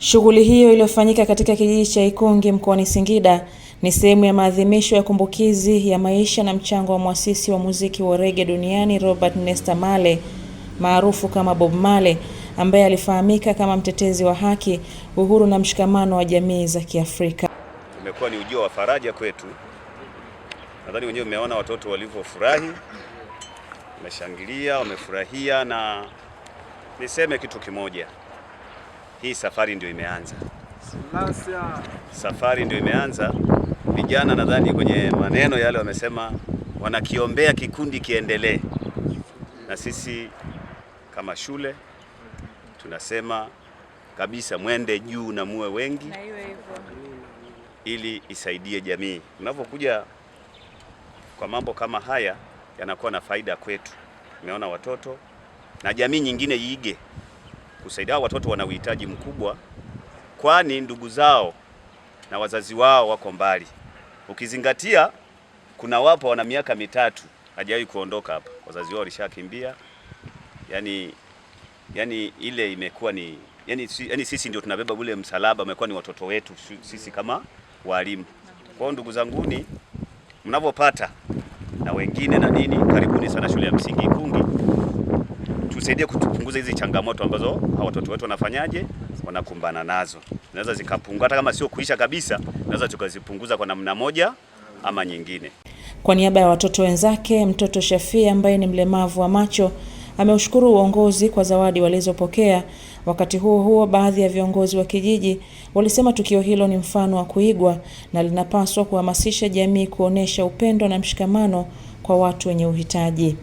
Shughuli hiyo iliyofanyika katika kijiji cha Ikungi mkoani Singida ni sehemu ya maadhimisho ya kumbukizi ya maisha na mchango wa mwasisi wa muziki wa rege duniani Robert Nesta Marley maarufu kama Bob Marley ambaye alifahamika kama mtetezi wa haki, uhuru na mshikamano wa jamii za Kiafrika. Umekuwa ni ujio wa faraja kwetu. Nadhani wenyewe umeona watoto walivyofurahi, wameshangilia, wamefurahia, na niseme kitu kimoja hii safari ndio imeanza. Safari ndio imeanza. Vijana nadhani kwenye maneno yale wamesema wanakiombea kikundi kiendelee, na sisi kama shule tunasema kabisa, mwende juu na muwe wengi, ili isaidie jamii. Unapokuja kwa mambo kama haya, yanakuwa na faida kwetu. Umeona, watoto na jamii nyingine iige kusaidia hao watoto. Wana uhitaji mkubwa, kwani ndugu zao na wazazi wao wako mbali, ukizingatia kuna wapo wana miaka mitatu hajawahi kuondoka hapa, wazazi wao walishakimbia. Yani, yani ile imekuwa ni yani, yani sisi ndio tunabeba ule msalaba, umekuwa ni watoto wetu sisi kama walimu. Kwa hiyo ndugu zanguni, mnavyopata na wengine na nini, karibuni sana shule ya msingi Ikungi tusaidie kutupunguza hizi changamoto ambazo watoto wetu wanafanyaje wanakumbana nazo. naweza zikapungua, hata kama sio kuisha kabisa, naweza tukazipunguza kwa namna moja ama nyingine. Kwa niaba ya watoto wenzake, mtoto Shafii ambaye ni mlemavu wa macho ameushukuru uongozi kwa zawadi walizopokea. Wakati huo huo, baadhi ya viongozi wa kijiji walisema tukio hilo ni mfano wa kuigwa na linapaswa kuhamasisha jamii kuonesha upendo na mshikamano kwa watu wenye uhitaji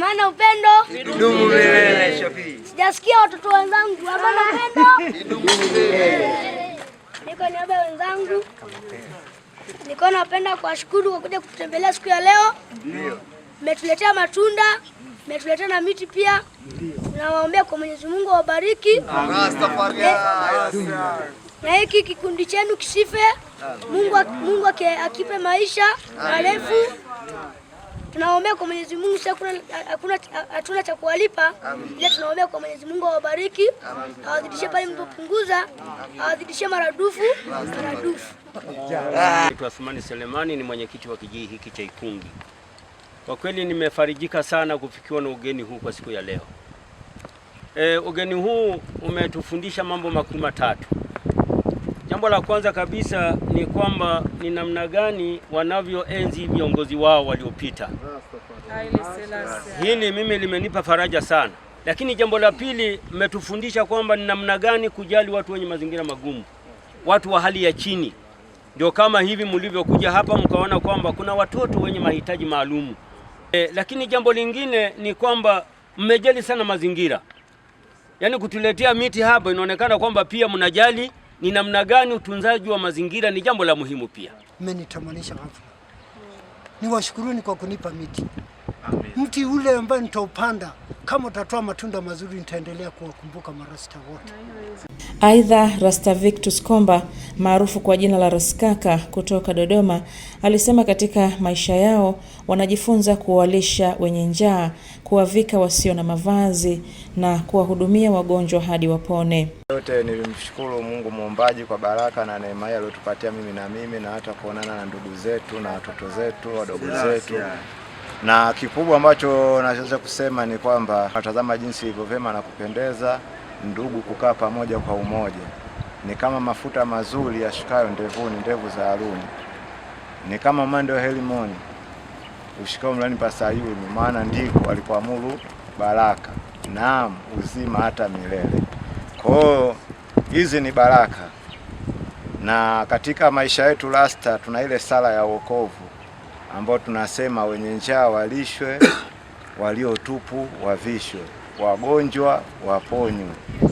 kwa upendo idumu milele. sijasikia watoto wenzangu, kwa upendo idumu milele. Niko niaba wenzangu, niko napenda kuwashukuru kwa kuja kututembelea siku ya leo. Ndio mmetuletea matunda, mmetuletea na miti pia. Nawaombea kwa Mwenyezi Mungu awabariki na hiki kikundi chenu kisife. Mungu, Mungu akipe maisha marefu tunaombea kwa Mwenyezi Mungu, hatuna cha kuwalipa, ila tunaombea kwa Mwenyezi Mungu awabariki, awazidishie pale mlipopunguza, awazidishie maradufu maradufu. Asmani Selemani ni mwenyekiti wa kijiji hiki cha Ikungi. Kwa kweli nimefarijika sana kufikiwa na ugeni huu kwa siku ya leo. E, ugeni huu umetufundisha mambo makuu matatu. Jambo la kwanza kabisa ni kwamba ni namna gani wanavyoenzi viongozi wao waliopita. Hili mimi limenipa faraja sana, lakini jambo la pili, mmetufundisha kwamba ni namna gani kujali watu wenye mazingira magumu, watu wa hali ya chini. Ndio kama hivi mlivyokuja hapa mkaona kwamba kuna watoto wenye mahitaji maalumu e, lakini jambo lingine ni kwamba mmejali sana mazingira, yaani kutuletea miti hapa, inaonekana kwamba pia mnajali ni namna gani utunzaji wa mazingira ni jambo la muhimu pia. Mmenitamanisha hapa, niwashukuruni kwa kunipa miti. Amen. Mti ule ambaye nitaupanda kama utatoa matunda mazuri, nitaendelea kuwakumbuka marasta wote. Aidha, Rasta Victus Komba maarufu kwa jina la Raskaka kutoka Dodoma alisema katika maisha yao wanajifunza kuwalisha wenye njaa, kuwavika wasio na mavazi na kuwahudumia wagonjwa hadi wapone. Yote nilimshukuru Mungu muombaji kwa baraka na neema hii aliyotupatia mimi na mimi na hata kuonana na ndugu zetu na watoto zetu wadogo zetu na kikubwa ambacho naweza kusema ni kwamba natazama jinsi ilivyo vyema na kupendeza ndugu kukaa pamoja kwa umoja. Ni kama mafuta mazuri yashukayo ndevuni, ndevu za Haruni. Ni kama mwendo wa Helimoni ushikao mlani pa Sayuni, maana ndiko alikoamuru baraka, naam uzima hata milele. Kwao hizi ni baraka, na katika maisha yetu rasta tuna ile sala ya wokovu ambao tunasema wenye njaa walishwe, waliotupu wavishwe wagonjwa waponywe.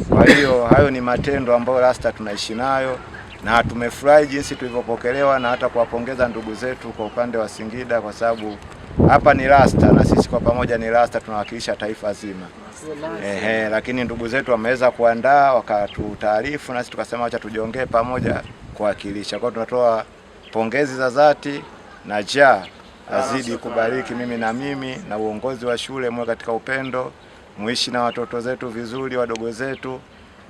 Kwa hiyo hayo ni matendo ambayo Rasta tunaishi nayo na tumefurahi jinsi tulivyopokelewa na hata kuwapongeza ndugu zetu kwa upande wa Singida kwa sababu hapa ni Rasta na sisi kwa pamoja ni Rasta tunawakilisha taifa zima. Ehe, lakini ndugu zetu wameweza kuandaa wakatutaarifu, nasi tukasema acha tujiongee pamoja kuwakilisha. Kwa hiyo tunatoa pongezi za dhati na ja azidi kubariki mimi na mimi na uongozi wa shule mwe katika upendo muishi na watoto zetu vizuri, wadogo zetu.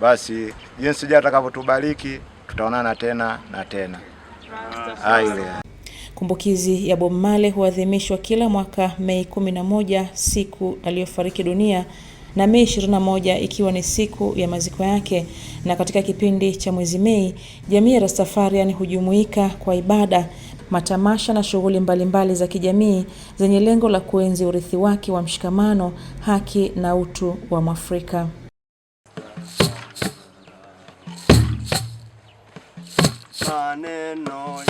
Basi jinsi ja atakavyotubariki tutaonana tena na tena. Haya. Kumbukizi ya Bob Marley huadhimishwa kila mwaka Mei 11, siku aliyofariki dunia na Mei 21 ikiwa ni siku ya maziko yake. Na katika kipindi cha mwezi Mei, jamii ya Rastafarian hujumuika kwa ibada matamasha na shughuli mbalimbali za kijamii zenye lengo la kuenzi urithi wake wa mshikamano, haki na utu wa Mwafrika. Maneno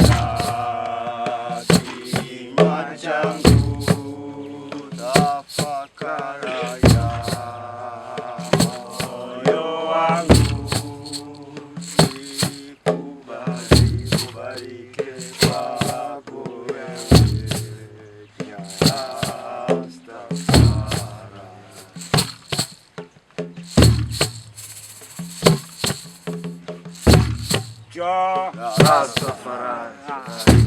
Tchau. Jó. Jó. Ah.